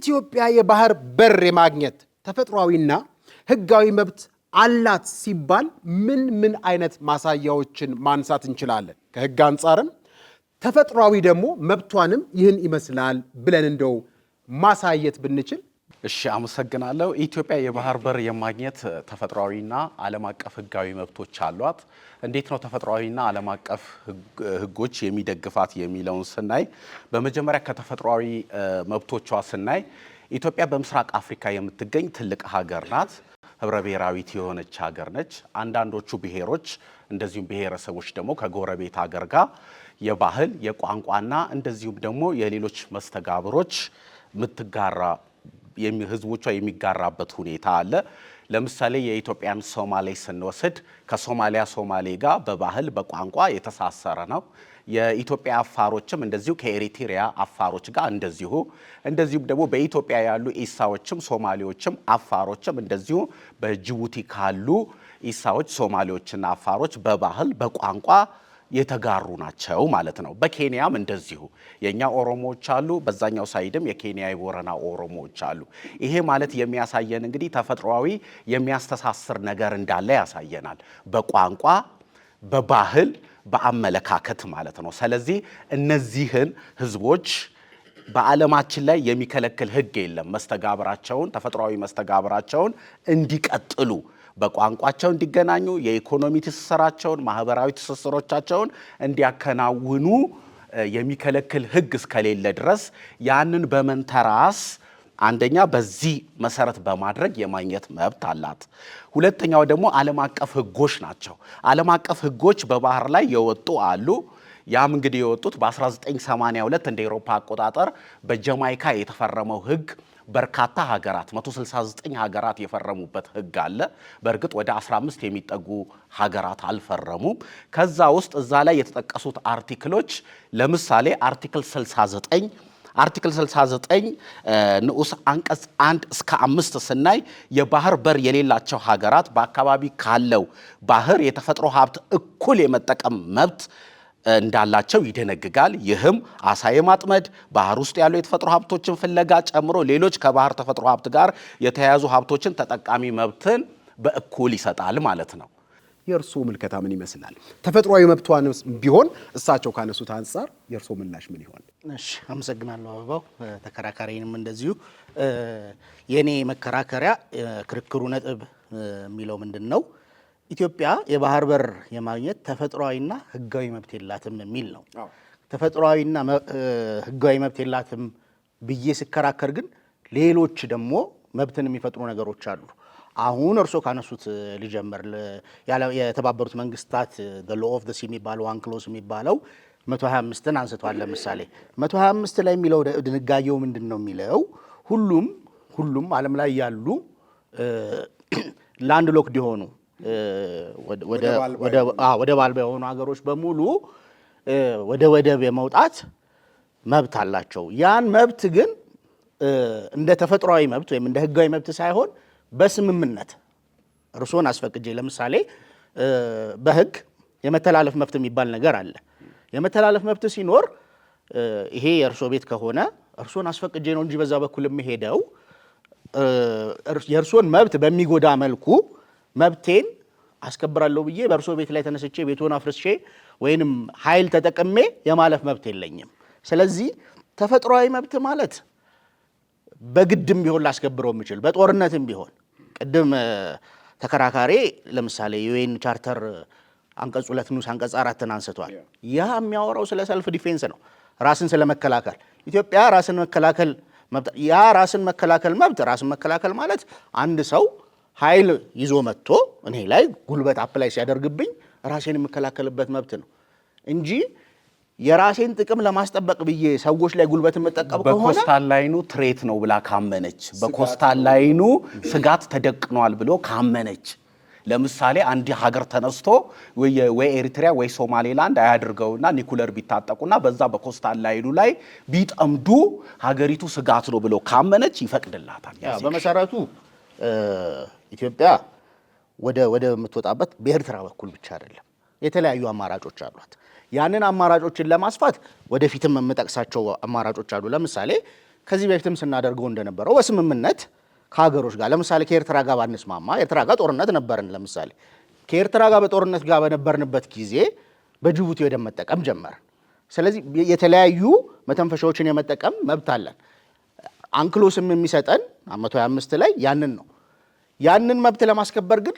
ኢትዮጵያ የባህር በር የማግኘት ተፈጥሯዊና ሕጋዊ መብት አላት ሲባል ምን ምን አይነት ማሳያዎችን ማንሳት እንችላለን? ከሕግ አንጻርም ተፈጥሯዊ ደግሞ መብቷንም ይህን ይመስላል ብለን እንደው ማሳየት ብንችል እሺ አመሰግናለሁ። ኢትዮጵያ የባህር በር የማግኘት ተፈጥሯዊና ዓለም አቀፍ ህጋዊ መብቶች አሏት። እንዴት ነው ተፈጥሯዊና ዓለም አቀፍ ህጎች የሚደግፋት የሚለውን ስናይ በመጀመሪያ ከተፈጥሯዊ መብቶቿ ስናይ ኢትዮጵያ በምስራቅ አፍሪካ የምትገኝ ትልቅ ሀገር ናት። ህብረ ብሔራዊት የሆነች ሀገር ነች። አንዳንዶቹ ብሔሮች እንደዚሁም ብሔረሰቦች ደግሞ ከጎረቤት ሀገር ጋር የባህል የቋንቋና እንደዚሁም ደግሞ የሌሎች መስተጋብሮች ምትጋራ። ህዝቦቿ የሚጋራበት ሁኔታ አለ። ለምሳሌ የኢትዮጵያን ሶማሌ ስንወስድ ከሶማሊያ ሶማሌ ጋር በባህል በቋንቋ የተሳሰረ ነው። የኢትዮጵያ አፋሮችም እንደዚሁ ከኤሪትሪያ አፋሮች ጋር እንደዚሁ እንደዚሁም ደግሞ በኢትዮጵያ ያሉ ኢሳዎችም ሶማሌዎችም አፋሮችም እንደዚሁ በጅቡቲ ካሉ ኢሳዎች ሶማሌዎችና አፋሮች በባህል በቋንቋ የተጋሩ ናቸው ማለት ነው። በኬንያም እንደዚሁ የእኛ ኦሮሞዎች አሉ፣ በዛኛው ሳይድም የኬንያ የቦረና ኦሮሞዎች አሉ። ይሄ ማለት የሚያሳየን እንግዲህ ተፈጥሯዊ የሚያስተሳስር ነገር እንዳለ ያሳየናል፣ በቋንቋ በባህል በአመለካከት ማለት ነው። ስለዚህ እነዚህን ህዝቦች በዓለማችን ላይ የሚከለክል ህግ የለም። መስተጋብራቸውን ተፈጥሯዊ መስተጋብራቸውን እንዲቀጥሉ በቋንቋቸው እንዲገናኙ፣ የኢኮኖሚ ትስስራቸውን፣ ማህበራዊ ትስስሮቻቸውን እንዲያከናውኑ የሚከለክል ህግ እስከሌለ ድረስ ያንን በመንተራስ አንደኛ በዚህ መሰረት በማድረግ የማግኘት መብት አላት። ሁለተኛው ደግሞ ዓለም አቀፍ ህጎች ናቸው። ዓለም አቀፍ ህጎች በባህር ላይ የወጡ አሉ። ያም እንግዲህ የወጡት በ1982 እንደ ኤሮፓ አቆጣጠር በጀማይካ የተፈረመው ህግ በርካታ ሀገራት 169 ሀገራት የፈረሙበት ህግ አለ። በእርግጥ ወደ 15 የሚጠጉ ሀገራት አልፈረሙም። ከዛ ውስጥ እዛ ላይ የተጠቀሱት አርቲክሎች ለምሳሌ አርቲክል 69 አርቲክል 69 ንዑስ አንቀጽ 1 እስከ 5 ስናይ የባህር በር የሌላቸው ሀገራት በአካባቢ ካለው ባህር የተፈጥሮ ሀብት እኩል የመጠቀም መብት እንዳላቸው ይደነግጋል። ይህም አሳ የማጥመድ ባህር ውስጥ ያሉ የተፈጥሮ ሀብቶችን ፍለጋ ጨምሮ ሌሎች ከባህር ተፈጥሮ ሀብት ጋር የተያያዙ ሀብቶችን ተጠቃሚ መብትን በእኩል ይሰጣል ማለት ነው። የእርስዎ ምልከታ ምን ይመስላል? ተፈጥሯዊ መብቷን ቢሆን እሳቸው ካነሱት አንጻር የእርስዎ ምላሽ ምን ይሆን? እሺ፣ አመሰግናለሁ አበባው። ተከራካሪንም እንደዚሁ የእኔ መከራከሪያ ክርክሩ ነጥብ የሚለው ምንድን ነው ኢትዮጵያ የባህር በር የማግኘት ተፈጥሯዊና ህጋዊ መብት የላትም የሚል ነው። ተፈጥሯዊና ህጋዊ መብት የላትም ብዬ ስከራከር ግን ሌሎች ደግሞ መብትን የሚፈጥሩ ነገሮች አሉ። አሁን እርሶ ካነሱት ልጀምር። የተባበሩት መንግስታት ሎ ኦፍ ሲ የሚባለው ዋን ክሎዝ የሚባለው 125ን አንስቷል። ለምሳሌ 125 ላይ የሚለው ድንጋጌው ምንድን ነው የሚለው ሁሉም ሁሉም ዓለም ላይ ያሉ ላንድ ሎክድ የሆኑ ወደብ አልባ የሆኑ ሀገሮች በሙሉ ወደ ወደብ የመውጣት መብት አላቸው። ያን መብት ግን እንደ ተፈጥሯዊ መብት ወይም እንደ ህጋዊ መብት ሳይሆን በስምምነት እርሶን አስፈቅጄ ለምሳሌ በህግ የመተላለፍ መብት የሚባል ነገር አለ። የመተላለፍ መብት ሲኖር ይሄ የእርሶ ቤት ከሆነ እርሶን አስፈቅጄ ነው እንጂ በዛ በኩል የሚሄደው የእርሶን መብት በሚጎዳ መልኩ መብቴን አስከብራለሁ ብዬ በእርሶ ቤት ላይ ተነስቼ ቤቱን አፍርሼ ወይንም ኃይል ተጠቅሜ የማለፍ መብት የለኝም። ስለዚህ ተፈጥሯዊ መብት ማለት በግድም ቢሆን ላስከብረው የምችል በጦርነትም ቢሆን ቅድም ተከራካሪ ለምሳሌ የዩኤን ቻርተር አንቀጽ ሁለት ንዑስ አንቀጽ አራትን አንስቷል። ያ የሚያወራው ስለ ሰልፍ ዲፌንስ ነው፣ ራስን ስለ መከላከል። ኢትዮጵያ ራስን መከላከል ያ ራስን መከላከል መብት ራስን መከላከል ማለት አንድ ሰው ኃይል ይዞ መጥቶ እኔ ላይ ጉልበት አፕላይ ሲያደርግብኝ ራሴን የምከላከልበት መብት ነው እንጂ የራሴን ጥቅም ለማስጠበቅ ብዬ ሰዎች ላይ ጉልበት የምጠቀም ከሆነ ላይኑ ትሬት ነው ብላ ካመነች፣ በኮስታል ላይኑ ስጋት ተደቅኗል ብሎ ካመነች፣ ለምሳሌ አንድ ሀገር ተነስቶ ወይ ኤሪትሪያ ወይ ሶማሌላንድ አያድርገውና ኒኩለር ቢታጠቁና በዛ በኮስታል ላይኑ ላይ ቢጠምዱ ሀገሪቱ ስጋት ነው ብሎ ካመነች ይፈቅድላታል። በመሰረቱ ኢትዮጵያ ወደ ወደ የምትወጣበት በኤርትራ በኩል ብቻ አይደለም፣ የተለያዩ አማራጮች አሏት። ያንን አማራጮችን ለማስፋት ወደፊትም የምጠቅሳቸው አማራጮች አሉ። ለምሳሌ ከዚህ በፊትም ስናደርገው እንደነበረው በስምምነት ከሀገሮች ጋር ለምሳሌ ከኤርትራ ጋር ባንስማማ፣ ኤርትራ ጋር ጦርነት ነበርን። ለምሳሌ ከኤርትራ ጋር በጦርነት ጋር በነበርንበት ጊዜ በጅቡቲ ወደብ መጠቀም ጀመርን። ስለዚህ የተለያዩ መተንፈሻዎችን የመጠቀም መብት አለን። አንክሎስም የሚሰጠን 125 ላይ ያንን ነው። ያንን መብት ለማስከበር ግን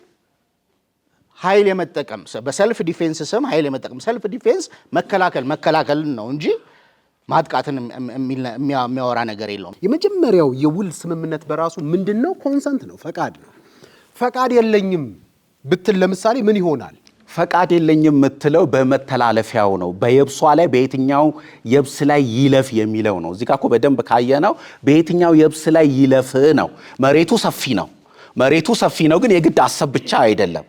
ኃይል የመጠቀም በሰልፍ ዲፌንስ ስም ኃይል የመጠቀም ሰልፍ ዲፌንስ መከላከል መከላከልን ነው እንጂ ማጥቃትን የሚያወራ ነገር የለውም። የመጀመሪያው የውል ስምምነት በራሱ ምንድን ነው? ኮንሰንት ነው፣ ፈቃድ ነው። ፈቃድ የለኝም ብትል ለምሳሌ ምን ይሆናል? ፈቃድ የለኝም የምትለው በመተላለፊያው ነው። በየብሷ ላይ በየትኛው የብስ ላይ ይለፍ የሚለው ነው። እዚህ ጋ እኮ በደንብ ካየነው በየትኛው የብስ ላይ ይለፍ ነው። መሬቱ ሰፊ ነው። መሬቱ ሰፊ ነው፣ ግን የግድ አሰብ ብቻ አይደለም።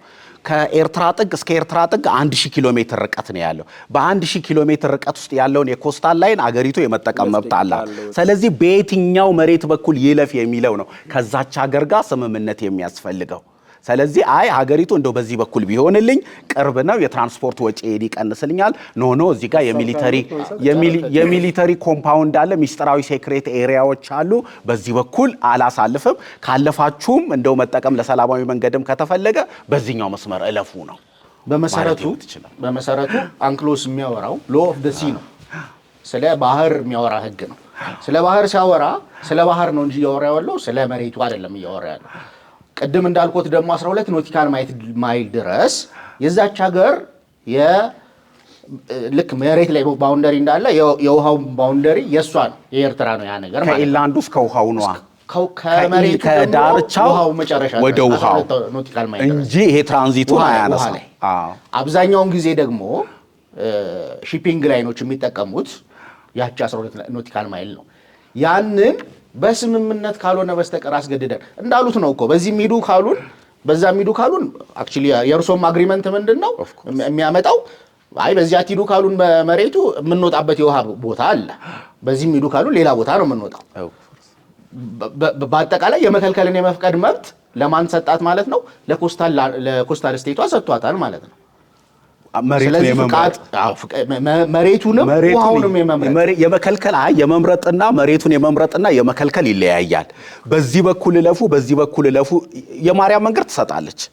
ከኤርትራ ጥግ እስከ ኤርትራ ጥግ 1000 ኪሎ ሜትር ርቀት ነው ያለው። በ1000 ኪሎ ሜትር ርቀት ውስጥ ያለውን የኮስታል ላይን አገሪቱ የመጠቀም መብት አላት። ስለዚህ በየትኛው መሬት በኩል ይለፍ የሚለው ነው ከዛች ሀገር ጋር ስምምነት የሚያስፈልገው። ስለዚህ አይ ሀገሪቱ እንደው በዚህ በኩል ቢሆንልኝ ቅርብ ነው፣ የትራንስፖርት ወጪ ይቀንስልኛል። ኖ ኖ እዚህ ጋር የሚሊተሪ ኮምፓውንድ አለ፣ ሚስጥራዊ ሴክሬት ኤሪያዎች አሉ፣ በዚህ በኩል አላሳልፍም። ካለፋችሁም እንደው መጠቀም ለሰላማዊ መንገድም ከተፈለገ በዚህኛው መስመር እለፉ ነው። በመሰረቱ በመሰረቱ አንክሎስ የሚያወራው ሎ ኦፍ ደ ሲ ነው። ስለ ባህር የሚያወራ ህግ ነው። ስለ ባህር ሲያወራ ስለ ባህር ነው እንጂ እያወራ ያለው ስለ መሬቱ አይደለም እያወራ ያለው ቅድም እንዳልኩት ደግሞ 12 ኖቲካል ማይል ድረስ የዛች ሀገር ልክ መሬት ላይ ባውንደሪ እንዳለ የውሃው ባውንደሪ የእሷ ነው፣ የኤርትራ ነው። ያ ነገር ከኢንላንዱ እስከ ውሃው ነዋ፣ ከዳርቻው ወደ ውሃው ኖቲካል እንጂ ይሄ ትራንዚቱ ያነሳ። አብዛኛውን ጊዜ ደግሞ ሺፒንግ ላይኖች የሚጠቀሙት ያቺ 12 ኖቲካል ማይል ነው። ያንን በስምምነት ካልሆነ በስተቀር አስገድደን እንዳሉት ነው እኮ በዚህ ሚዱ ካሉን በዛ ሚዱ ካሉን አክቹሊ የእርሶም አግሪመንት ምንድን ነው የሚያመጣው? አይ በዚያ አትሂዱ ካሉን በመሬቱ የምንወጣበት የውሃ ቦታ አለ። በዚህ ሚዱ ካሉን ሌላ ቦታ ነው የምንወጣው። በአጠቃላይ የመከልከልን የመፍቀድ መብት ለማን ሰጣት ማለት ነው? ለኮስታል ስቴቷ ሰጥቷታል ማለት ነው። መሬቱንም ውሃውንም የመምረጥና መሬቱን የመምረጥና የመከልከል ይለያያል። በዚህ በኩል እለፉ፣ በዚህ በኩል እለፉ የማርያም መንገድ ትሰጣለች።